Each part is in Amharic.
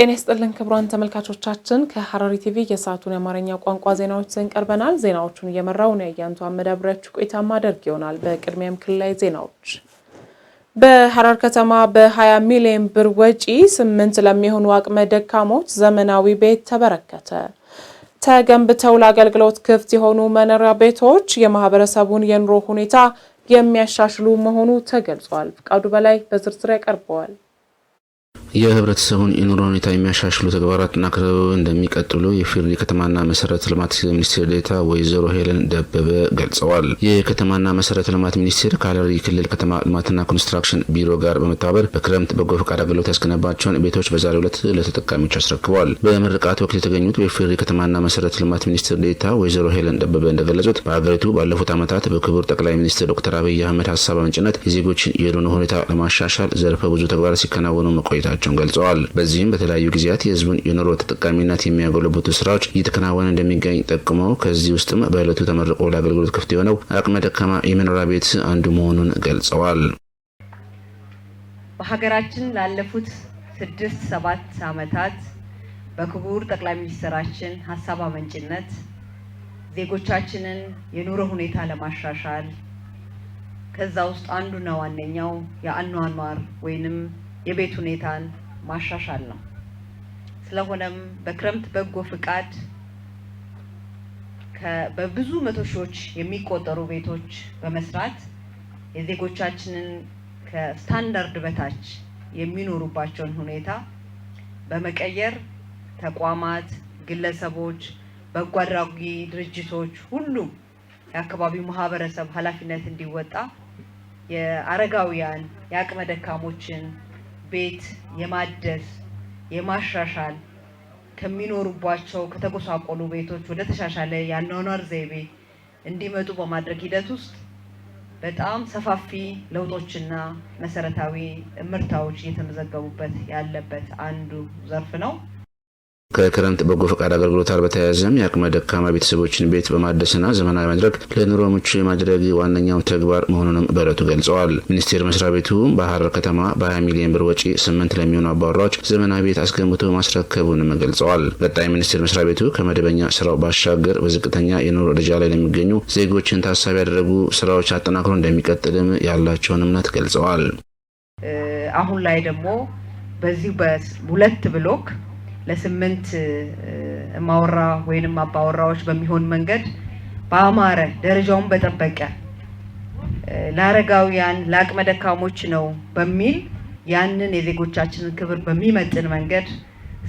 ጤና ይስጥልን ክቡራን ተመልካቾቻችን፣ ከሐረሪ ቲቪ የሰዓቱን የአማርኛ ቋንቋ ዜናዎች ዘን ቀርበናል። ዜናዎቹን እየመራው ነው ያያንቱ አመዳብሪያችሁ ቆይታ ማደርግ ይሆናል። በቅድሚያም ክልላዊ ዜናዎች። በሐረር ከተማ በ20 ሚሊዮን ብር ወጪ ስምንት ለሚሆኑ አቅመ ደካሞች ዘመናዊ ቤት ተበረከተ። ተገንብተው ለአገልግሎት ክፍት የሆኑ መኖሪያ ቤቶች የማህበረሰቡን የኑሮ ሁኔታ የሚያሻሽሉ መሆኑ ተገልጿል። ፍቃዱ በላይ በዝርዝር ያቀርበዋል። የህብረተሰቡን የኑሮ ሁኔታ የሚያሻሽሉ ተግባራትና ክበብ እንደሚቀጥሉ የፊርኒ ከተማና መሰረተ ልማት ሚኒስትር ዴታ ወይዘሮ ሄለን ደበበ ገልጸዋል። የከተማና መሰረተ ልማት ሚኒስቴር ከሐረሪ ክልል ከተማ ልማትና ኮንስትራክሽን ቢሮ ጋር በመተባበር በክረምት በጎ ፈቃድ አገልግሎት ያስገነባቸውን ቤቶች በዛሬው ዕለት ለተጠቃሚዎች አስረክበዋል። በምርቃት ወቅት የተገኙት የፊርኒ ከተማና መሰረተ ልማት ሚኒስትር ዴታ ወይዘሮ ሄለን ደበበ እንደገለጹት በሀገሪቱ ባለፉት ዓመታት በክቡር ጠቅላይ ሚኒስትር ዶክተር አብይ አህመድ ሀሳብ አመንጭነት የዜጎችን የኑሮ ሁኔታ ለማሻሻል ዘርፈ ብዙ ተግባራት ሲከናወኑ መቆየታቸው መሆናቸውን ገልጸዋል። በዚህም በተለያዩ ጊዜያት የህዝቡን የኑሮ ተጠቃሚነት የሚያጎለብቱ ስራዎች እየተከናወነ እንደሚገኝ ጠቅመው ከዚህ ውስጥም በዕለቱ ተመርቆ ለአገልግሎት ክፍት የሆነው አቅመ ደካማ የመኖሪያ ቤት አንዱ መሆኑን ገልጸዋል። በሀገራችን ላለፉት ስድስት ሰባት ዓመታት በክቡር ጠቅላይ ሚኒስትራችን ሀሳብ አመንጭነት ዜጎቻችንን የኑሮ ሁኔታ ለማሻሻል ከዛ ውስጥ አንዱና ዋነኛው የአኗኗር ወይንም የቤት ሁኔታን ማሻሻል ነው። ስለሆነም በክረምት በጎ ፍቃድ በብዙ መቶ ሺዎች የሚቆጠሩ ቤቶች በመስራት የዜጎቻችንን ከስታንዳርድ በታች የሚኖሩባቸውን ሁኔታ በመቀየር ተቋማት፣ ግለሰቦች፣ በጎ አድራጊ ድርጅቶች፣ ሁሉም የአካባቢው ማህበረሰብ ኃላፊነት እንዲወጣ የአረጋውያን የአቅመ ደካሞችን ቤት የማደስ የማሻሻል ከሚኖሩባቸው ከተጎሳቆሉ ቤቶች ወደ ተሻሻለ የአኗኗር ዘይቤ እንዲመጡ በማድረግ ሂደት ውስጥ በጣም ሰፋፊ ለውጦችና መሰረታዊ እምርታዎች እየተመዘገቡበት ያለበት አንዱ ዘርፍ ነው። ከክረምት በጎ ፈቃድ አገልግሎት ጋር በተያያዘም የአቅመ ደካማ ቤተሰቦችን ቤት በማደስና ዘመናዊ ማድረግ ለኑሮ ምቹ የማድረግ ዋነኛው ተግባር መሆኑንም በረቱ ገልጸዋል። ሚኒስቴር መስሪያ ቤቱ በሀረር ከተማ በ20 ሚሊዮን ብር ወጪ ስምንት ለሚሆኑ አባወራዎች ዘመናዊ ቤት አስገንብቶ ማስረከቡንም ገልጸዋል። ቀጣይ ሚኒስቴር መስሪያ ቤቱ ከመደበኛ ስራው ባሻገር በዝቅተኛ የኑሮ ደረጃ ላይ ለሚገኙ ዜጎችን ታሳቢ ያደረጉ ስራዎች አጠናክሮ እንደሚቀጥልም ያላቸውን እምነት ገልጸዋል። አሁን ላይ ደግሞ በዚህ በሁለት ብሎክ ለስምንት እማወራ ወይንም አባወራዎች በሚሆን መንገድ በአማረ ደረጃውን በጠበቀ ለአረጋውያን ለአቅመ ደካሞች ነው በሚል ያንን የዜጎቻችንን ክብር በሚመጥን መንገድ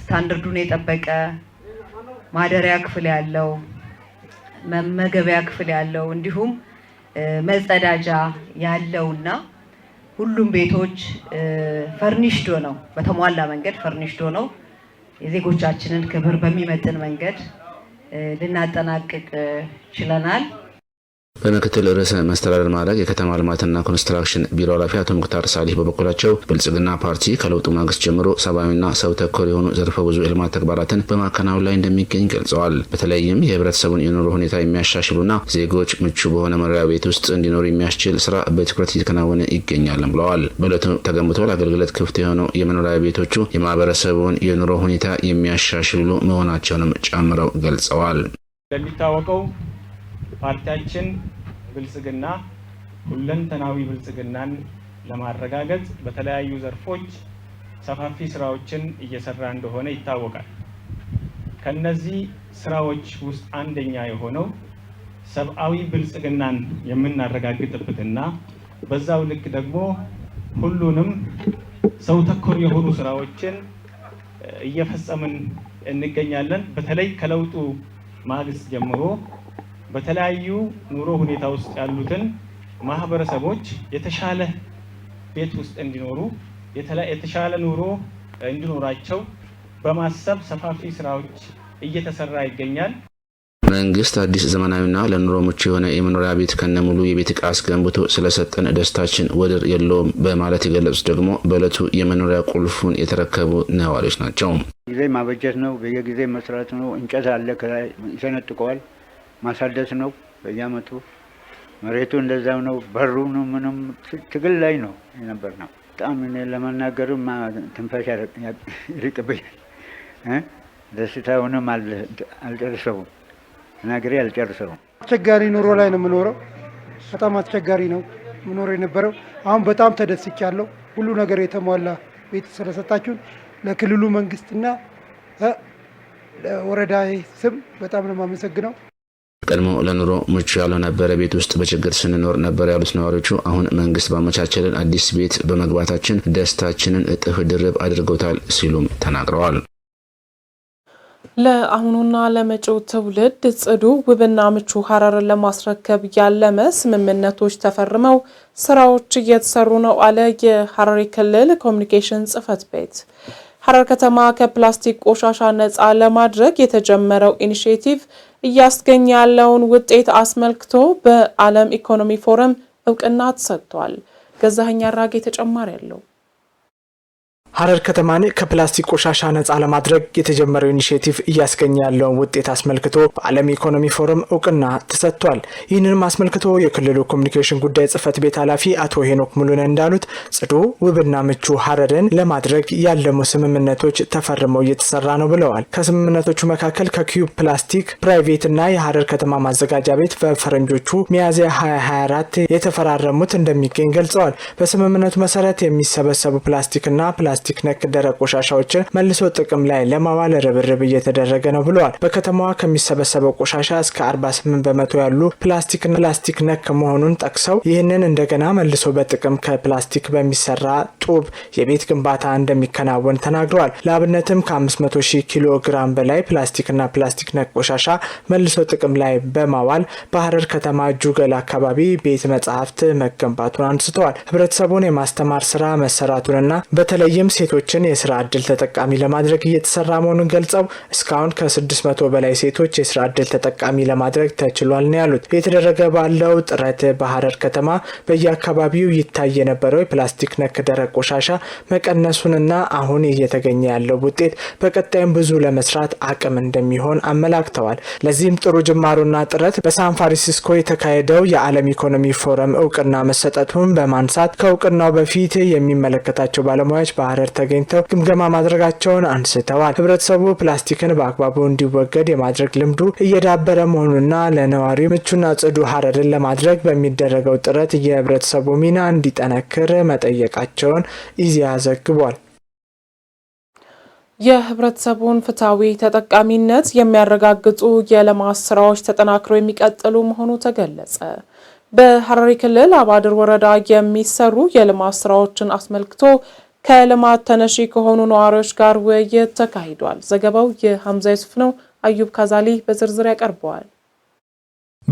ስታንደርዱን የጠበቀ ማደሪያ ክፍል ያለው መመገቢያ ክፍል ያለው እንዲሁም መጸዳጃ ያለውና ሁሉም ቤቶች ፈርኒሽዶ ነው፣ በተሟላ መንገድ ፈርኒሽዶ ነው። የዜጎቻችንን ክብር በሚመጥን መንገድ ልናጠናቅቅ ችለናል። በምክትል ርዕሰ መስተዳደር ማዕረግ የከተማ ልማትና ኮንስትራክሽን ቢሮ ኃላፊ አቶ ሙክታር ሳሊህ በበኩላቸው ብልጽግና ፓርቲ ከለውጡ ማግስት ጀምሮ ሰብአዊና ሰው ተኮር የሆኑ ዘርፈ ብዙ የልማት ተግባራትን በማከናወን ላይ እንደሚገኝ ገልጸዋል። በተለይም የህብረተሰቡን የኑሮ ሁኔታ የሚያሻሽሉና ዜጎች ምቹ በሆነ መኖሪያ ቤት ውስጥ እንዲኖሩ የሚያስችል ስራ በትኩረት እየተከናወነ ይገኛልም ብለዋል። በዕለቱ ተገንብቶ ለአገልግሎት ክፍት የሆኑ የመኖሪያ ቤቶቹ የማህበረሰቡን የኑሮ ሁኔታ የሚያሻሽሉ መሆናቸውንም ጨምረው ገልጸዋል። እንደሚታወቀው ፓርቲያችን ብልጽግና ሁለንተናዊ ብልጽግናን ለማረጋገጥ በተለያዩ ዘርፎች ሰፋፊ ስራዎችን እየሰራ እንደሆነ ይታወቃል። ከነዚህ ስራዎች ውስጥ አንደኛ የሆነው ሰብአዊ ብልጽግናን የምናረጋግጥበትና በዛው ልክ ደግሞ ሁሉንም ሰው ተኮር የሆኑ ስራዎችን እየፈጸምን እንገኛለን። በተለይ ከለውጡ ማግስት ጀምሮ በተለያዩ ኑሮ ሁኔታ ውስጥ ያሉትን ማህበረሰቦች የተሻለ ቤት ውስጥ እንዲኖሩ የተሻለ ኑሮ እንዲኖራቸው በማሰብ ሰፋፊ ስራዎች እየተሰራ ይገኛል። መንግስት አዲስ ዘመናዊና ለኑሮ ምቹ የሆነ የመኖሪያ ቤት ከነሙሉ የቤት እቃ አስገንብቶ ስለሰጠን ደስታችን ወደር የለውም በማለት የገለጹት ደግሞ በእለቱ የመኖሪያ ቁልፉን የተረከቡ ነዋሪዎች ናቸው። ጊዜ ማበጀት ነው፣ በየጊዜ መስራት ነው። እንጨት አለ ከላይ ይሰነጥቀዋል። ማሳደስ ነው በየአመቱ መሬቱ እንደዛው ነው። ነው ምንም ትግል ላይ ነው የነበር ነው። በጣም እኔ ለመናገር ትንፋሽ ይርቅብኛል። ደስታውንም አልጨርሰውም፣ ተናግሬ አልጨርሰውም። አስቸጋሪ ኑሮ ላይ ነው የምኖረው። በጣም አስቸጋሪ ነው ምኖር የነበረው። አሁን በጣም ተደስቻለሁ። ሁሉ ነገር የተሟላ ቤት ስለሰጣችሁን ለክልሉ መንግስትና ለወረዳ ስም በጣም ነው የማመሰግነው። ቀድሞ ለኑሮ ምቹ ያለው ነበረ ቤት ውስጥ በችግር ስንኖር ነበር ያሉት ነዋሪዎቹ አሁን መንግስት ባመቻቸልን አዲስ ቤት በመግባታችን ደስታችንን እጥፍ ድርብ አድርጎታል ሲሉም ተናግረዋል። ለአሁኑና ለመጪው ትውልድ ጽዱ ውብና ምቹ ሀረርን ለማስረከብ ያለመ ስምምነቶች ተፈርመው ስራዎች እየተሰሩ ነው አለ የሀረሪ ክልል ኮሚኒኬሽን ጽህፈት ቤት። ሀረር ከተማ ከፕላስቲክ ቆሻሻ ነፃ ለማድረግ የተጀመረው ኢኒሽቲቭ እያስገኘ ያለውን ውጤት አስመልክቶ በዓለም ኢኮኖሚ ፎረም እውቅና ተሰጥቷል። ገዛኸኝ አራጌ ተጨማሪ አለው። ሀረር ከተማን ከፕላስቲክ ቆሻሻ ነጻ ለማድረግ የተጀመረው ኢኒሽቲቭ እያስገኘ ያለውን ውጤት አስመልክቶ በዓለም ኢኮኖሚ ፎረም እውቅና ተሰጥቷል። ይህንንም አስመልክቶ የክልሉ ኮሚኒኬሽን ጉዳይ ጽህፈት ቤት ኃላፊ አቶ ሄኖክ ሙሉነ እንዳሉት ጽዱ፣ ውብና ምቹ ሀረርን ለማድረግ ያለሙ ስምምነቶች ተፈርመው እየተሰራ ነው ብለዋል። ከስምምነቶቹ መካከል ከኪዩብ ፕላስቲክ ፕራይቬትና የሀረር ከተማ ማዘጋጃ ቤት በፈረንጆቹ ሚያዝያ 2024 የተፈራረሙት እንደሚገኝ ገልጸዋል። በስምምነቱ መሰረት የሚሰበሰቡ ፕላስቲክና ፕላስቲክ ፕላስቲክ ነክ ደረቅ ቆሻሻዎችን መልሶ ጥቅም ላይ ለማዋል ርብርብ እየተደረገ ነው ብለዋል። በከተማዋ ከሚሰበሰበው ቆሻሻ እስከ 48 በመቶ ያሉ ፕላስቲክ ፕላስቲክ ነክ መሆኑን ጠቅሰው ይህንን እንደገና መልሶ በጥቅም ከፕላስቲክ በሚሰራ ጡብ የቤት ግንባታ እንደሚከናወን ተናግረዋል። ለአብነትም ከ500 ሺህ ኪሎ ግራም በላይ ፕላስቲክና ፕላስቲክ ነክ ቆሻሻ መልሶ ጥቅም ላይ በማዋል በሐረር ከተማ ጁገል አካባቢ ቤት መጽሐፍት መገንባቱን አንስተዋል። ህብረተሰቡን የማስተማር ስራ መሰራቱንና በተለይም ሴቶችን የስራ እድል ተጠቃሚ ለማድረግ እየተሰራ መሆኑን ገልጸው እስካሁን ከ600 በላይ ሴቶች የስራ እድል ተጠቃሚ ለማድረግ ተችሏል ነው ያሉት። እየተደረገ ባለው ጥረት በሀረር ከተማ በየአካባቢው ይታይ የነበረው የፕላስቲክ ነክ ደረቅ ቆሻሻ መቀነሱንና አሁን እየተገኘ ያለው ውጤት በቀጣይም ብዙ ለመስራት አቅም እንደሚሆን አመላክተዋል። ለዚህም ጥሩ ጅማሮና ጥረት በሳን ፍራንሲስኮ የተካሄደው የዓለም ኢኮኖሚ ፎረም እውቅና መሰጠቱን በማንሳት ከእውቅናው በፊት የሚመለከታቸው ባለሙያዎች በሀረር ማህበር ተገኝተው ግምገማ ማድረጋቸውን አንስተዋል። ህብረተሰቡ ፕላስቲክን በአግባቡ እንዲወገድ የማድረግ ልምዱ እየዳበረ መሆኑና ለነዋሪው ምቹና ጽዱ ሀረርን ለማድረግ በሚደረገው ጥረት የህብረተሰቡ ሚና እንዲጠነክር መጠየቃቸውን ኢዜአ ዘግቧል። የህብረተሰቡን ፍትሐዊ ተጠቃሚነት የሚያረጋግጡ የልማት ስራዎች ተጠናክረው የሚቀጥሉ መሆኑ ተገለጸ። በሐረሪ ክልል አባድር ወረዳ የሚሰሩ የልማት ስራዎችን አስመልክቶ ከልማት ተነሺ ከሆኑ ነዋሪዎች ጋር ውይይት ተካሂዷል። ዘገባው የሐምዛ ዩሱፍ ነው። አዩብ ካዛሊ በዝርዝር ያቀርበዋል።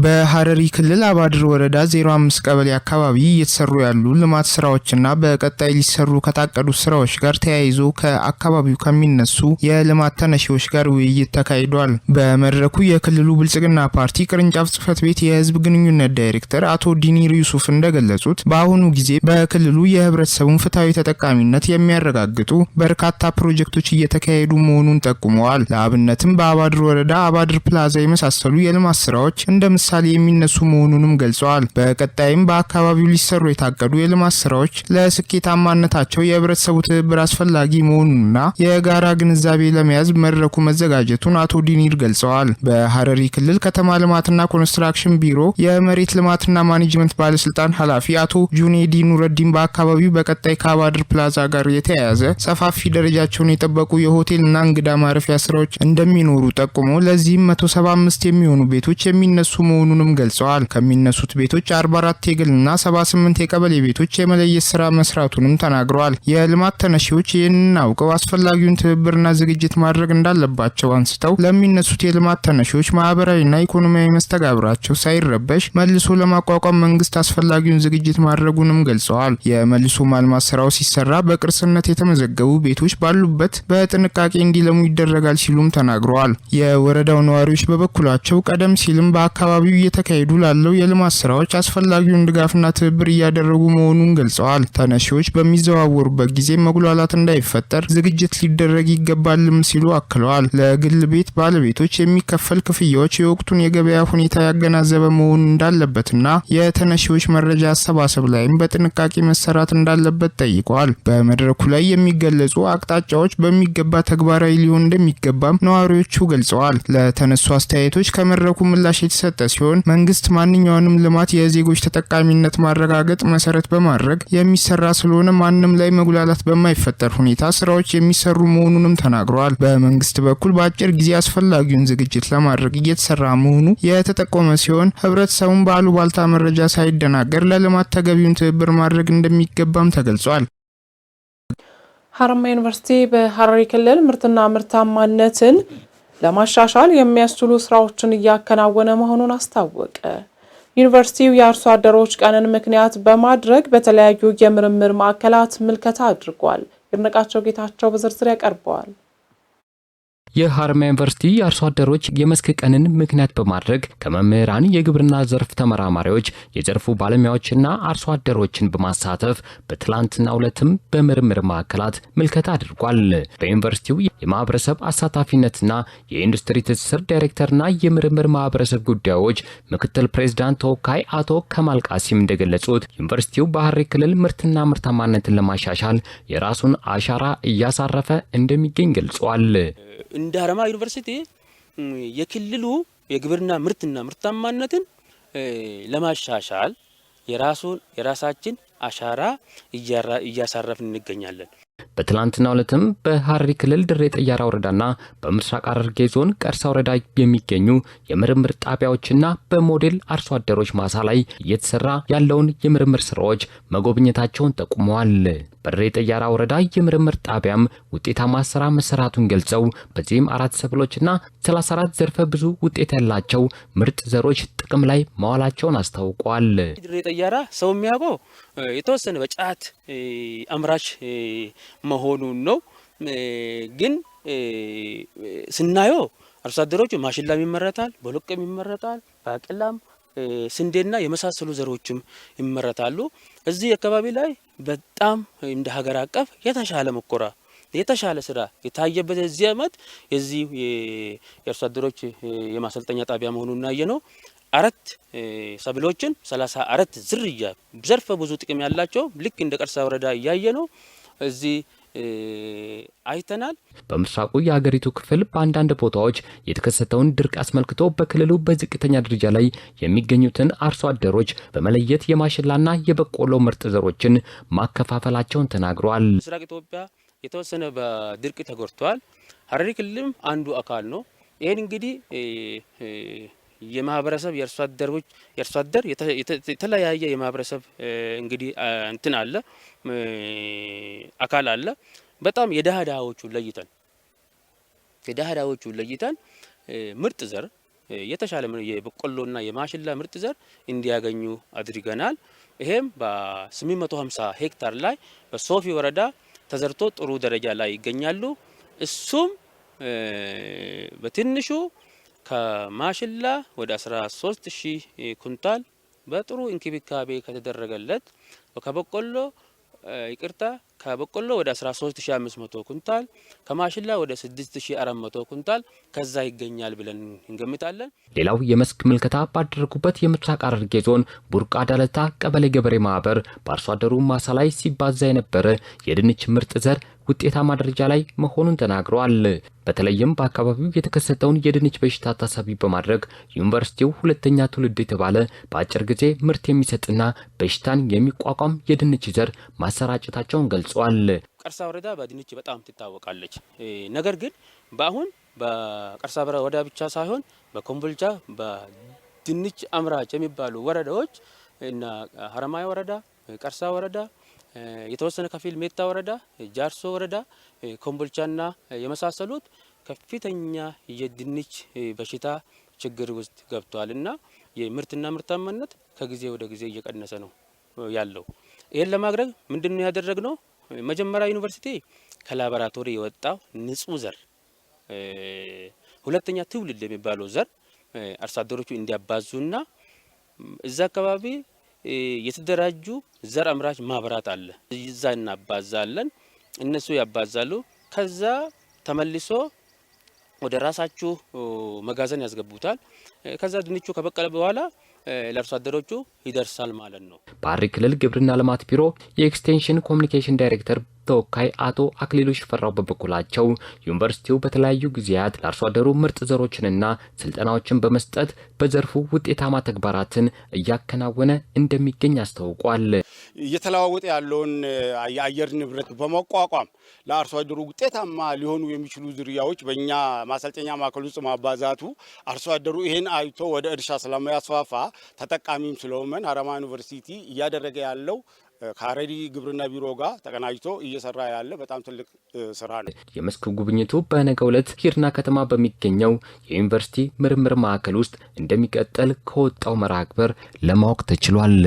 በሐረሪ ክልል አባድር ወረዳ 05 ቀበሌ አካባቢ እየተሰሩ ያሉ ልማት ስራዎችና በቀጣይ ሊሰሩ ከታቀዱ ስራዎች ጋር ተያይዞ ከአካባቢው ከሚነሱ የልማት ተነሺዎች ጋር ውይይት ተካሂዷል። በመድረኩ የክልሉ ብልጽግና ፓርቲ ቅርንጫፍ ጽህፈት ቤት የህዝብ ግንኙነት ዳይሬክተር አቶ ዲኒር ዩሱፍ እንደገለጹት በአሁኑ ጊዜ በክልሉ የህብረተሰቡን ፍትሐዊ ተጠቃሚነት የሚያረጋግጡ በርካታ ፕሮጀክቶች እየተካሄዱ መሆኑን ጠቁመዋል። ለአብነትም በአባድር ወረዳ አባድር ፕላዛ የመሳሰሉ የልማት ስራዎች እንደ ምሳሌ የሚነሱ መሆኑንም ገልጸዋል። በቀጣይም በአካባቢው ሊሰሩ የታቀዱ የልማት ስራዎች ለስኬታማነታቸው የህብረተሰቡ ትብብር አስፈላጊ መሆኑንና የጋራ ግንዛቤ ለመያዝ መድረኩ መዘጋጀቱን አቶ ዲኒር ገልጸዋል። በሀረሪ ክልል ከተማ ልማትና ኮንስትራክሽን ቢሮ የመሬት ልማትና ማኔጅመንት ባለስልጣን ኃላፊ አቶ ጁኔዲ ኑረዲን በአካባቢው በቀጣይ ከአባድር ፕላዛ ጋር የተያያዘ ሰፋፊ ደረጃቸውን የጠበቁ የሆቴልና እንግዳ ማረፊያ ስራዎች እንደሚኖሩ ጠቁሞ ለዚህም 175 የሚሆኑ ቤቶች የሚነሱ መሆኑንም ገልጸዋል። ከሚነሱት ቤቶች 44 የግልና 78 የቀበሌ ቤቶች የመለየት ስራ መስራቱንም ተናግረዋል። የልማት ተነሺዎች ይህንን አውቀው አስፈላጊውን ትብብርና ዝግጅት ማድረግ እንዳለባቸው አንስተው ለሚነሱት የልማት ተነሺዎች ማህበራዊና ኢኮኖሚያዊ መስተጋብራቸው ሳይረበሽ መልሶ ለማቋቋም መንግስት አስፈላጊውን ዝግጅት ማድረጉንም ገልጸዋል። የመልሶ ማልማት ስራው ሲሰራ በቅርስነት የተመዘገቡ ቤቶች ባሉበት በጥንቃቄ እንዲለሙ ይደረጋል ሲሉም ተናግረዋል። የወረዳው ነዋሪዎች በበኩላቸው ቀደም ሲልም በአካባቢ በአካባቢው እየተካሄዱ ላለው የልማት ስራዎች አስፈላጊውን ድጋፍና ትብብር እያደረጉ መሆኑን ገልጸዋል። ተነሺዎች በሚዘዋወሩበት ጊዜ መጉላላት እንዳይፈጠር ዝግጅት ሊደረግ ይገባልም ሲሉ አክለዋል። ለግል ቤት ባለቤቶች የሚከፈል ክፍያዎች የወቅቱን የገበያ ሁኔታ ያገናዘበ መሆን እንዳለበትና የተነሺዎች መረጃ አሰባሰብ ላይም በጥንቃቄ መሰራት እንዳለበት ጠይቋል። በመድረኩ ላይ የሚገለጹ አቅጣጫዎች በሚገባ ተግባራዊ ሊሆን እንደሚገባም ነዋሪዎቹ ገልጸዋል። ለተነሱ አስተያየቶች ከመድረኩ ምላሽ የተሰጠ ሲሆን መንግስት ማንኛውንም ልማት የዜጎች ተጠቃሚነት ማረጋገጥ መሰረት በማድረግ የሚሰራ ስለሆነ ማንም ላይ መጉላላት በማይፈጠር ሁኔታ ስራዎች የሚሰሩ መሆኑንም ተናግረዋል። በመንግስት በኩል በአጭር ጊዜ አስፈላጊውን ዝግጅት ለማድረግ እየተሰራ መሆኑ የተጠቆመ ሲሆን ህብረተሰቡን በአሉባልታ መረጃ ሳይደናገር ለልማት ተገቢውን ትብብር ማድረግ እንደሚገባም ተገልጿል። ሀረማያ ዩኒቨርሲቲ በሀረሪ ክልል ምርትና ምርታማነትን ለማሻሻል የሚያስችሉ ስራዎችን እያከናወነ መሆኑን አስታወቀ። ዩኒቨርሲቲው የአርሶ አደሮች ቀንን ምክንያት በማድረግ በተለያዩ የምርምር ማዕከላት ምልከታ አድርጓል። ይድነቃቸው ጌታቸው በዝርዝር ያቀርበዋል። የሀረማያ ዩኒቨርሲቲ የአርሶ አደሮች የመስክ ቀንን ምክንያት በማድረግ ከመምህራን፣ የግብርና ዘርፍ ተመራማሪዎች፣ የዘርፉ ባለሙያዎችና አርሶ አደሮችን በማሳተፍ በትላንትናው ዕለትም በምርምር ማዕከላት ምልከታ አድርጓል። በዩኒቨርሲቲው የማህበረሰብ አሳታፊነትና የኢንዱስትሪ ትስስር ዳይሬክተርና የምርምር ማህበረሰብ ጉዳዮች ምክትል ፕሬዝዳንት ተወካይ አቶ ከማል ቃሲም እንደገለጹት ዩኒቨርሲቲው ባህሪ ክልል ምርትና ምርታማነትን ለማሻሻል የራሱን አሻራ እያሳረፈ እንደሚገኝ ገልጿል። እንደ ሀረማያ ዩኒቨርሲቲ የክልሉ የግብርና ምርትና ምርታማነትን ለማሻሻል የራሱን የራሳችን አሻራ እያሳረፍን እንገኛለን። በትላንትና ዕለትም በሐረሪ ክልል ድሬ ጠያራ ወረዳና በምስራቅ ሐረርጌ ዞን ቀርሳ ወረዳ የሚገኙ የምርምር ጣቢያዎችና በሞዴል አርሶ አደሮች ማሳ ላይ እየተሰራ ያለውን የምርምር ስራዎች መጎብኘታቸውን ጠቁመዋል። በድሬ ጠያራ ወረዳ የምርምር ጣቢያም ውጤታማ ስራ መሰራቱን ገልጸው በዚህም አራት ሰብሎችና 34 ዘርፈ ብዙ ውጤት ያላቸው ምርጥ ዘሮች ጥቅም ላይ ማዋላቸውን አስታውቋል። ድሬ ጠያራ ሰው የሚያውቀው የተወሰነ በጫት አምራች መሆኑን ነው። ግን ስናየው አርሶ አደሮቹ ማሽላም ይመረታል፣ ቦሎቄም ይመረታል፣ ባቄላም ስንዴና የመሳሰሉ ዘሮችም ይመረታሉ። እዚህ አካባቢ ላይ በጣም እንደ ሀገር አቀፍ የተሻለ ሙከራ የተሻለ ስራ የታየበት እዚህ አመት የዚህ የአርሶ አደሮች የማሰልጠኛ ጣቢያ መሆኑን እናየ ነው። አራት ሰብሎችን ሰላሳ አራት ዝርያ ዘርፈ ብዙ ጥቅም ያላቸው ልክ እንደ ቀርሳ ወረዳ እያየ ነው እዚህ አይተናል። በምስራቁ የሀገሪቱ ክፍል በአንዳንድ ቦታዎች የተከሰተውን ድርቅ አስመልክቶ በክልሉ በዝቅተኛ ደረጃ ላይ የሚገኙትን አርሶ አደሮች በመለየት የማሽላና የበቆሎ ምርጥ ዘሮችን ማከፋፈላቸውን ተናግረዋል። ምስራቅ ኢትዮጵያ የተወሰነ በድርቅ ተጎድተዋል። ሀረሪ ክልልም አንዱ አካል ነው። ይህን እንግዲህ የማህበረሰብ የአርሶ አደሮች የአርሶ አደር የተለያየ የማህበረሰብ እንግዲህ እንትን አለ አካል አለ። በጣም የደሃ ለይተን የደሃ ለይተን ምርጥ ዘር የተሻለ የበቆሎና የማሽላ ምርጥ ዘር እንዲያገኙ አድርገናል። ይሄም በ850 ሄክታር ላይ በሶፊ ወረዳ ተዘርቶ ጥሩ ደረጃ ላይ ይገኛሉ። እሱም በትንሹ ከማሽላ ወደ 13 ሺህ ኩንታል በጥሩ እንክብካቤ ከተደረገለት ከበቆሎ ይቅርታ ከበቆሎ ወደ 13500 ኩንታል ከማሽላ ወደ 6400 ኩንታል ከዛ ይገኛል ብለን እንገምታለን። ሌላው የመስክ ምልከታ ባደረጉበት የምስራቅ ሐረርጌ ዞን ቡርቃ ዳለታ ቀበሌ ገበሬ ማህበር በአርሶ አደሩ ማሳ ላይ ሲባዛ የነበረ የድንች ምርጥ ዘር ውጤታማ ደረጃ ላይ መሆኑን ተናግረዋል። በተለይም በአካባቢው የተከሰተውን የድንች በሽታ ታሳቢ በማድረግ ዩኒቨርሲቲው ሁለተኛ ትውልድ የተባለ በአጭር ጊዜ ምርት የሚሰጥና በሽታን የሚቋቋም የድንች ዘር ማሰራጨታቸውን ገልጸዋል። ቀርሳ ወረዳ በድንች በጣም ትታወቃለች። ነገር ግን በአሁን በቀርሳ ወረዳ ብቻ ሳይሆን በኮምቦልቻ በድንች አምራች የሚባሉ ወረዳዎች እና ሀረማያ ወረዳ፣ ቀርሳ ወረዳ የተወሰነ ከፊል ሜታ ወረዳ፣ ጃርሶ ወረዳ፣ ኮምቦልቻና የመሳሰሉት ከፍተኛ የድንች በሽታ ችግር ውስጥ ገብቷል እና የምርትና ምርታማነት ከጊዜ ወደ ጊዜ እየቀነሰ ነው ያለው። ይህን ለማድረግ ምንድን ነው ነው? መጀመሪያ ዩኒቨርሲቲ ከላቦራቶሪ የወጣው ንጹህ ዘር ሁለተኛ ትውልድ የሚባለው ዘር አርሶ አደሮቹ እንዲያባዙና እዛ አካባቢ የተደራጁ ዘር አምራች ማህበራት አለ። እዛ እናባዛለን፣ እነሱ ያባዛሉ። ከዛ ተመልሶ ወደ ራሳችሁ መጋዘን ያስገቡታል። ከዛ ድንቹ ከበቀለ በኋላ ለአርሶ አደሮቹ ይደርሳል ማለት ነው። ባሪ ክልል ግብርና ልማት ቢሮ የኤክስቴንሽን ኮሚኒኬሽን ዳይሬክተር ተወካይ አቶ አክሊሉ ሽፈራው በበኩላቸው ዩኒቨርሲቲው በተለያዩ ጊዜያት ለአርሶ አደሩ ምርጥ ዘሮችንና ስልጠናዎችን በመስጠት በዘርፉ ውጤታማ ተግባራትን እያከናወነ እንደሚገኝ አስታውቋል። እየተለዋወጠ ያለውን የአየር ንብረት በመቋቋም ለአርሶ አደሩ ውጤታማ ሊሆኑ የሚችሉ ዝርያዎች በእኛ ማሰልጠኛ ማዕከል ውስጥ ማባዛቱ አርሶ አደሩ ይህን አይቶ ወደ እርሻ ስለማያስፋፋ ተጠቃሚም ስለሆመን ሀረማያ ዩኒቨርሲቲ እያደረገ ያለው ከሀረሪ ግብርና ቢሮ ጋር ተቀናጅቶ እየሰራ ያለ በጣም ትልቅ ስራ ነው። የመስክ ጉብኝቱ በነገው ዕለት ሂርና ከተማ በሚገኘው የዩኒቨርሲቲ ምርምር ማዕከል ውስጥ እንደሚቀጥል ከወጣው መርሃ ግብር ለማወቅ ተችሏል።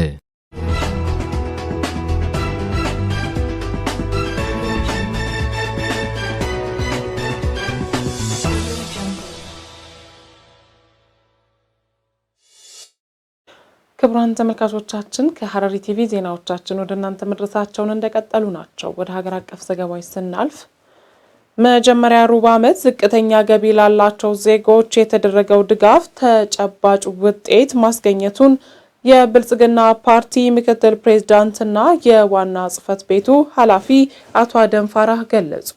ክቡራን ተመልካቾቻችን ከሐረሪ ቲቪ ዜናዎቻችን ወደ እናንተ መድረሳቸውን እንደቀጠሉ ናቸው። ወደ ሀገር አቀፍ ዘገባዎች ስናልፍ መጀመሪያ ሩብ ዓመት ዝቅተኛ ገቢ ላላቸው ዜጎች የተደረገው ድጋፍ ተጨባጭ ውጤት ማስገኘቱን የብልጽግና ፓርቲ ምክትል ፕሬዝዳንትና የዋና ጽህፈት ቤቱ ኃላፊ አቶ አደም ፋራህ ገለጹ።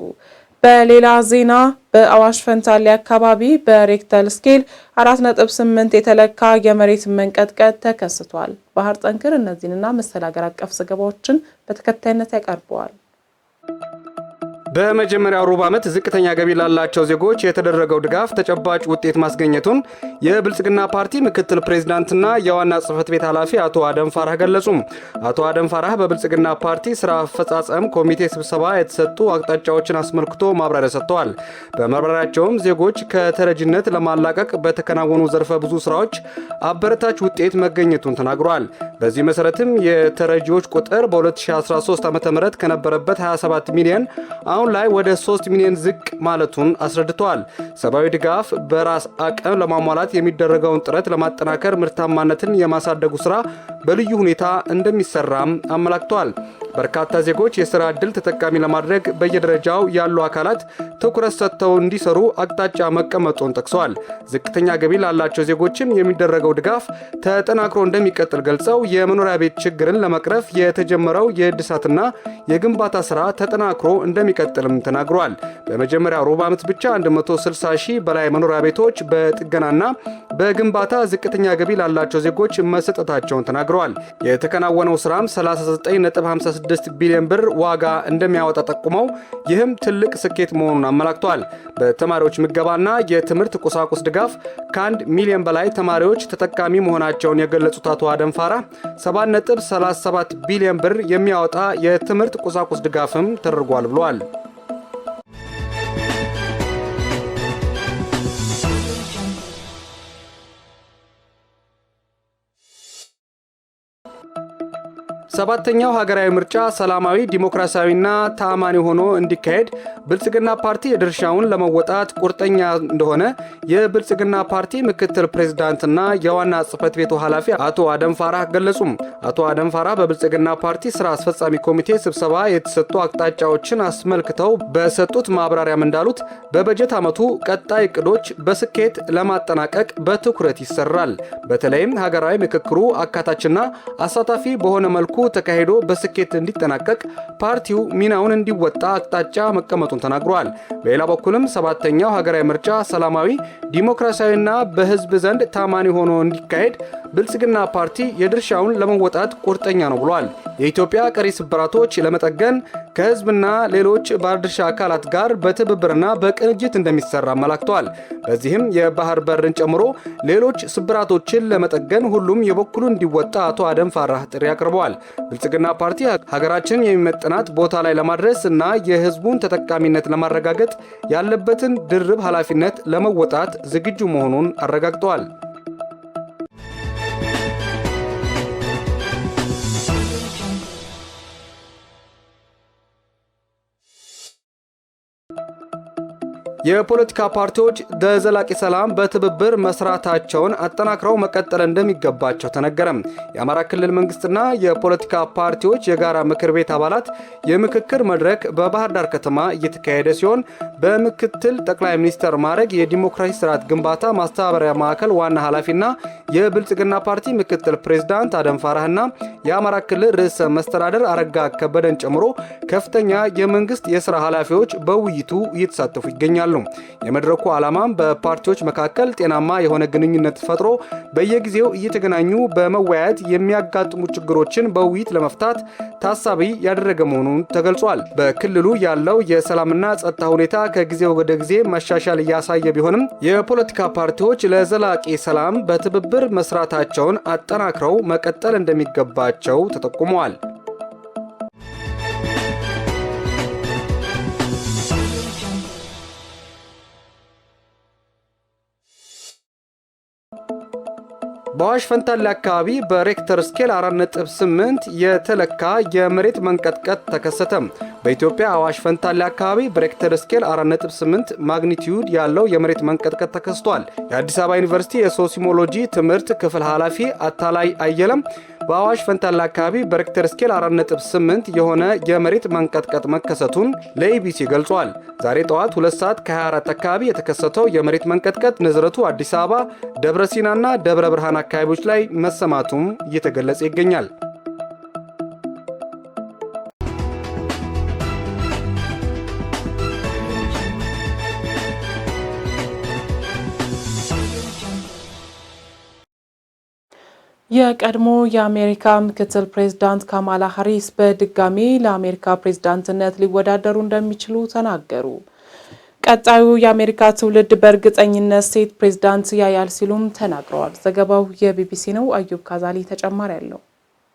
በሌላ ዜና በአዋሽ ፈንታሌ አካባቢ በሬክተር ስኬል 4.8 የተለካ የመሬት መንቀጥቀጥ ተከስቷል። ባህር ጠንክር እነዚህንና መሰል አገር አቀፍ ዘገባዎችን በተከታይነት ያቀርበዋል። በመጀመሪያው ሩብ ዓመት ዝቅተኛ ገቢ ላላቸው ዜጎች የተደረገው ድጋፍ ተጨባጭ ውጤት ማስገኘቱን የብልጽግና ፓርቲ ምክትል ፕሬዚዳንትና የዋና ጽህፈት ቤት ኃላፊ አቶ አደም ፋራህ ገለጹ። አቶ አደም ፋራህ በብልጽግና ፓርቲ ስራ አፈጻጸም ኮሚቴ ስብሰባ የተሰጡ አቅጣጫዎችን አስመልክቶ ማብራሪያ ሰጥተዋል። በማብራሪያቸውም ዜጎች ከተረጅነት ለማላቀቅ በተከናወኑ ዘርፈ ብዙ ስራዎች አበረታች ውጤት መገኘቱን ተናግሯል። በዚህ መሰረትም የተረጂዎች ቁጥር በ2013 ዓ ም ከነበረበት 27 ሚሊዮን አሁን ላይ ወደ 3 ሚሊዮን ዝቅ ማለቱን አስረድተዋል። ሰብአዊ ድጋፍ በራስ አቅም ለማሟላት የሚደረገውን ጥረት ለማጠናከር ምርታማነትን የማሳደጉ ስራ በልዩ ሁኔታ እንደሚሰራም አመላክተዋል። በርካታ ዜጎች የሥራ ዕድል ተጠቃሚ ለማድረግ በየደረጃው ያሉ አካላት ትኩረት ሰጥተው እንዲሰሩ አቅጣጫ መቀመጡን ጠቅሰዋል። ዝቅተኛ ገቢ ላላቸው ዜጎችም የሚደረገው ድጋፍ ተጠናክሮ እንደሚቀጥል ገልጸው የመኖሪያ ቤት ችግርን ለመቅረፍ የተጀመረው የእድሳትና የግንባታ ሥራ ተጠናክሮ እንደሚቀጥልም ተናግሯል። በመጀመሪያ ሩብ ዓመት ብቻ 160 ሺህ በላይ መኖሪያ ቤቶች በጥገናና በግንባታ ዝቅተኛ ገቢ ላላቸው ዜጎች መሰጠታቸውን ተናግረዋል። የተከናወነው ሥራም 39.56 16 ቢሊዮን ብር ዋጋ እንደሚያወጣ ጠቁመው ይህም ትልቅ ስኬት መሆኑን አመላክቷል። በተማሪዎች ምገባና የትምህርት ቁሳቁስ ድጋፍ ከአንድ ሚሊዮን በላይ ተማሪዎች ተጠቃሚ መሆናቸውን የገለጹት አቶ አደንፋራ 7.37 ቢሊዮን ብር የሚያወጣ የትምህርት ቁሳቁስ ድጋፍም ተደርጓል ብለዋል። ሰባተኛው ሀገራዊ ምርጫ ሰላማዊ ዲሞክራሲያዊና ተአማኒ ሆኖ እንዲካሄድ ብልጽግና ፓርቲ የድርሻውን ለመወጣት ቁርጠኛ እንደሆነ የብልጽግና ፓርቲ ምክትል ፕሬዝዳንትና የዋና ጽህፈት ቤቱ ኃላፊ አቶ አደም ፋራህ ገለጹም። አቶ አደም ፋራህ በብልጽግና ፓርቲ ስራ አስፈጻሚ ኮሚቴ ስብሰባ የተሰጡ አቅጣጫዎችን አስመልክተው በሰጡት ማብራሪያም እንዳሉት በበጀት ዓመቱ ቀጣይ እቅዶች በስኬት ለማጠናቀቅ በትኩረት ይሰራል። በተለይም ሀገራዊ ምክክሩ አካታችና አሳታፊ በሆነ መልኩ ተካሂዶ በስኬት እንዲጠናቀቅ ፓርቲው ሚናውን እንዲወጣ አቅጣጫ መቀመጡን ተናግሯል። በሌላ በኩልም ሰባተኛው ሀገራዊ ምርጫ ሰላማዊ ዲሞክራሲያዊና በህዝብ ዘንድ ታማኒ ሆኖ እንዲካሄድ ብልጽግና ፓርቲ የድርሻውን ለመወጣት ቁርጠኛ ነው ብሏል። የኢትዮጵያ ቀሪ ስብራቶች ለመጠገን ከህዝብና ሌሎች ባለድርሻ አካላት ጋር በትብብርና በቅንጅት እንደሚሰራ አመላክተዋል። በዚህም የባህር በርን ጨምሮ ሌሎች ስብራቶችን ለመጠገን ሁሉም የበኩሉ እንዲወጣ አቶ አደም ፋራህ ጥሪ አቅርበዋል። ብልጽግና ፓርቲ ሀገራችን የሚመጥናት ቦታ ላይ ለማድረስ እና የህዝቡን ተጠቃሚነት ለማረጋገጥ ያለበትን ድርብ ኃላፊነት ለመወጣት ዝግጁ መሆኑን አረጋግጠዋል። የፖለቲካ ፓርቲዎች ለዘላቂ ሰላም በትብብር መስራታቸውን አጠናክረው መቀጠል እንደሚገባቸው ተነገረም። የአማራ ክልል መንግስትና የፖለቲካ ፓርቲዎች የጋራ ምክር ቤት አባላት የምክክር መድረክ በባህር ዳር ከተማ እየተካሄደ ሲሆን በምክትል ጠቅላይ ሚኒስትር ማዕረግ የዲሞክራሲ ስርዓት ግንባታ ማስተባበሪያ ማዕከል ዋና ኃላፊና የብልጽግና ፓርቲ ምክትል ፕሬዝዳንት አደም ፋራህና የአማራ ክልል ርዕሰ መስተዳደር አረጋ ከበደን ጨምሮ ከፍተኛ የመንግስት የስራ ኃላፊዎች በውይይቱ እየተሳተፉ ይገኛሉ። ይጠይቃሉ። የመድረኩ ዓላማም በፓርቲዎች መካከል ጤናማ የሆነ ግንኙነት ፈጥሮ በየጊዜው እየተገናኙ በመወያየት የሚያጋጥሙ ችግሮችን በውይይት ለመፍታት ታሳቢ ያደረገ መሆኑን ተገልጿል። በክልሉ ያለው የሰላምና ጸጥታ ሁኔታ ከጊዜ ወደ ጊዜ መሻሻል እያሳየ ቢሆንም የፖለቲካ ፓርቲዎች ለዘላቂ ሰላም በትብብር መስራታቸውን አጠናክረው መቀጠል እንደሚገባቸው ተጠቁመዋል። በአዋሽ ፈንታሌ አካባቢ በሬክተር ስኬል 4.8 የተለካ የመሬት መንቀጥቀጥ ተከሰተ። በኢትዮጵያ አዋሽ ፈንታሌ አካባቢ በሬክተር ስኬል 4.8 ማግኒቲዩድ ያለው የመሬት መንቀጥቀጥ ተከስቷል። የአዲስ አበባ ዩኒቨርሲቲ የሶሲሞሎጂ ትምህርት ክፍል ኃላፊ አታላይ አየለም በአዋሽ ፈንታላ አካባቢ በሬክተር ስኬል 4.8 የሆነ የመሬት መንቀጥቀጥ መከሰቱን ለኢቢሲ ገልጿል። ዛሬ ጠዋት 2 ሰዓት ከ24 አካባቢ የተከሰተው የመሬት መንቀጥቀጥ ንዝረቱ አዲስ አበባ፣ ደብረ ሲናና ደብረ ብርሃን አካባቢዎች ላይ መሰማቱም እየተገለጸ ይገኛል። የቀድሞ የአሜሪካ ምክትል ፕሬዝዳንት ካማላ ሀሪስ በድጋሚ ለአሜሪካ ፕሬዝዳንትነት ሊወዳደሩ እንደሚችሉ ተናገሩ። ቀጣዩ የአሜሪካ ትውልድ በእርግጠኝነት ሴት ፕሬዝዳንት ያያል ሲሉም ተናግረዋል። ዘገባው የቢቢሲ ነው። አዩብ ካዛሊ ተጨማሪ አለው።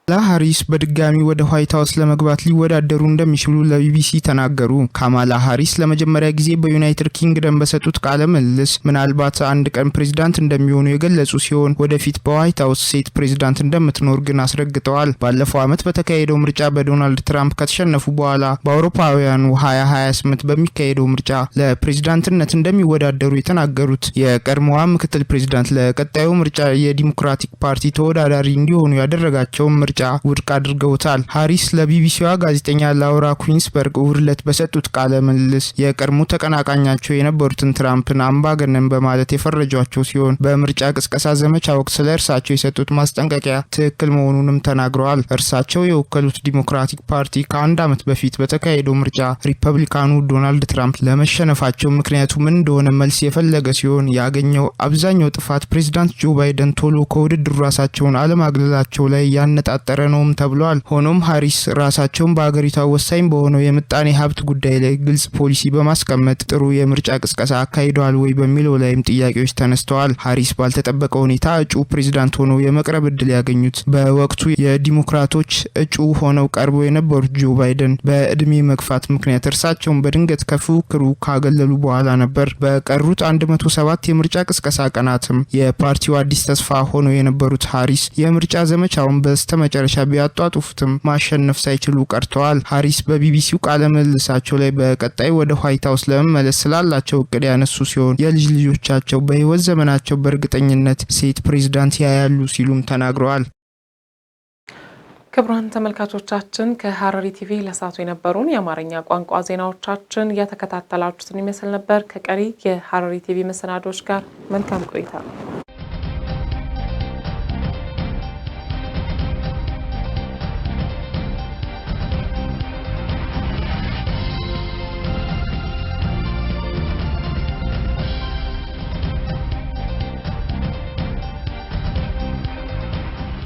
ካማላ ሀሪስ በድጋሚ ወደ ዋይት ሀውስ ለመግባት ሊወዳደሩ እንደሚችሉ ለቢቢሲ ተናገሩ። ካማላ ሀሪስ ለመጀመሪያ ጊዜ በዩናይትድ ኪንግደም በሰጡት ቃለ ምልልስ ምናልባት አንድ ቀን ፕሬዚዳንት እንደሚሆኑ የገለጹ ሲሆን ወደፊት በዋይት ሀውስ ሴት ፕሬዚዳንት እንደምትኖር ግን አስረግጠዋል። ባለፈው ዓመት በተካሄደው ምርጫ በዶናልድ ትራምፕ ከተሸነፉ በኋላ በአውሮፓውያኑ 2028 በሚካሄደው ምርጫ ለፕሬዚዳንትነት እንደሚወዳደሩ የተናገሩት የቀድሞዋ ምክትል ፕሬዚዳንት ለቀጣዩ ምርጫ የዲሞክራቲክ ፓርቲ ተወዳዳሪ እንዲሆኑ ያደረጋቸውን ምርጫ ምርጫ ውድቅ አድርገውታል። ሀሪስ ለቢቢሲዋ ጋዜጠኛ ላውራ ኩንስበርግ እሁድ ዕለት በሰጡት ቃለ ምልልስ የቀድሞ ተቀናቃኛቸው የነበሩትን ትራምፕን አምባገነን በማለት የፈረጇቸው ሲሆን በምርጫ ቅስቀሳ ዘመቻ ወቅት ስለ እርሳቸው የሰጡት ማስጠንቀቂያ ትክክል መሆኑንም ተናግረዋል። እርሳቸው የወከሉት ዲሞክራቲክ ፓርቲ ከአንድ ዓመት በፊት በተካሄደው ምርጫ ሪፐብሊካኑ ዶናልድ ትራምፕ ለመሸነፋቸው ምክንያቱ ምን እንደሆነ መልስ የፈለገ ሲሆን ያገኘው አብዛኛው ጥፋት ፕሬዚዳንት ጆ ባይደን ቶሎ ከውድድሩ ራሳቸውን አለማግለላቸው ላይ ያነጣጠ እየተፈጠረ ነውም ተብሏል። ሆኖም ሀሪስ ራሳቸውን በሀገሪቷ ወሳኝ በሆነው የምጣኔ ሀብት ጉዳይ ላይ ግልጽ ፖሊሲ በማስቀመጥ ጥሩ የምርጫ ቅስቀሳ አካሂደዋል ወይ በሚለው ላይም ጥያቄዎች ተነስተዋል። ሀሪስ ባልተጠበቀ ሁኔታ እጩ ፕሬዚዳንት ሆነው የመቅረብ እድል ያገኙት በወቅቱ የዲሞክራቶች እጩ ሆነው ቀርበው የነበሩት ጆ ባይደን በእድሜ መግፋት ምክንያት እርሳቸውን በድንገት ከፉክክሩ ካገለሉ በኋላ ነበር። በቀሩት 107 የምርጫ ቅስቀሳ ቀናትም የፓርቲው አዲስ ተስፋ ሆነው የነበሩት ሀሪስ የምርጫ ዘመቻውን በስተመጫ መጨረሻ ቢያጧጡፉትም ማሸነፍ ሳይችሉ ቀርተዋል። ሀሪስ በቢቢሲው ቃለ ምልልሳቸው ላይ በቀጣይ ወደ ዋይት ሀውስ ለመመለስ ስላላቸው እቅድ ያነሱ ሲሆን የልጅ ልጆቻቸው በህይወት ዘመናቸው በእርግጠኝነት ሴት ፕሬዝዳንት ያያሉ ሲሉም ተናግረዋል። ክቡራን ተመልካቾቻችን ከሀረሪ ቲቪ ለሳቱ የነበሩን የአማርኛ ቋንቋ ዜናዎቻችን የተከታተላችሁትን ይመስል ነበር። ከቀሪ የሀረሪ ቲቪ መሰናዶች ጋር መልካም ቆይታ